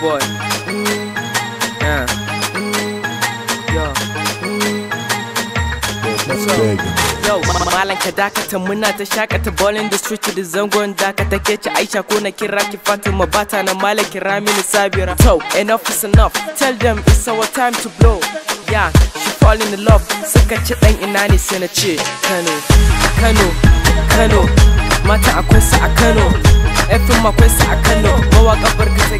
boy. Yeah. Yo. Let's go. yau malam ka dakata muna ta shakata ballin da street da zangon dakata ke ci aisha ko na kira ki fatima bata na malam kira mini sabira so enough is enough tell them it's our time to blow yeah she fall in love suka ci dan ina ne sai na ce kano kano kano mata akwai su a kano fm akwai su a kano mawaka barka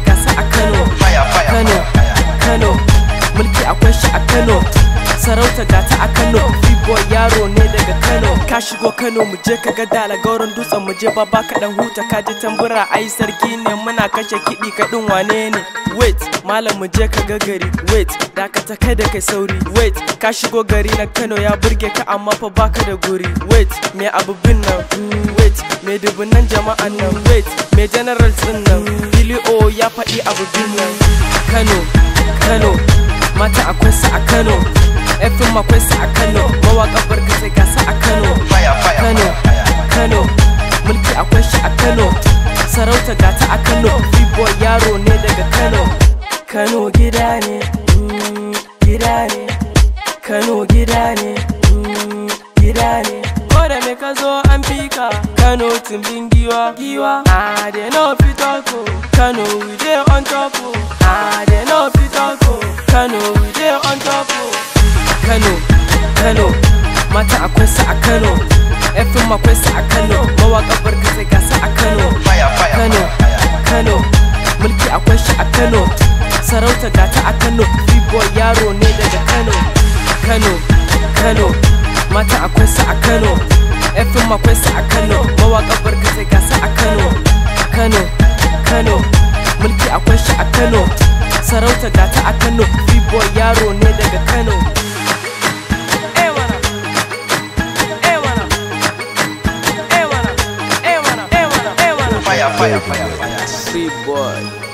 sarauta ta a Kano B-boy yaro ne daga Kano ka shigo Kano mu je ka ga gauran dutsen mu je baba ka dan huta ka je tambura ai sarki ne muna kashe kiɗi kaɗin wane ne wait malam mu je ka ga gari wait dakata ta kai sauri wait ka shigo gari na Kano ya burge ka amma fa baka da guri wait me abu bin nan wait me dubunan jama'an nan wait me general din nan o ya faɗi abu bin nan Kano Kano mata akwai sa a Kano fm akwai su a kano mawaƙa barkatai gasa a kano kano kano mulki akwai shi a kano sarauta gata a kano b yaro ne daga kano kano gida ne mm, gida ne kano gida ne mm, gida ne ko da me ka zo an fi ka kano tumbin giwa giwa a dey no fit ko kano we dey on top o a dey no fit ko kano we dey on top o Kano, Kano, mata akwai su a Kano, efin akwai su a Kano, mawaƙa barkatai gasa a Kano, Kano, Kano, mulki akwai shi a Kano, sarauta gata a Kano, b yaro ne daga Kano, Kano, Kano, mata akwai su a Kano, efin akwai su a Kano, mawaƙa barkatai gasa a Kano, Kano, Kano, mulki akwai shi a Kano, sarauta gata a Kano, b yaro ne daga Kano. fire, fire, fire, fire. See, boy.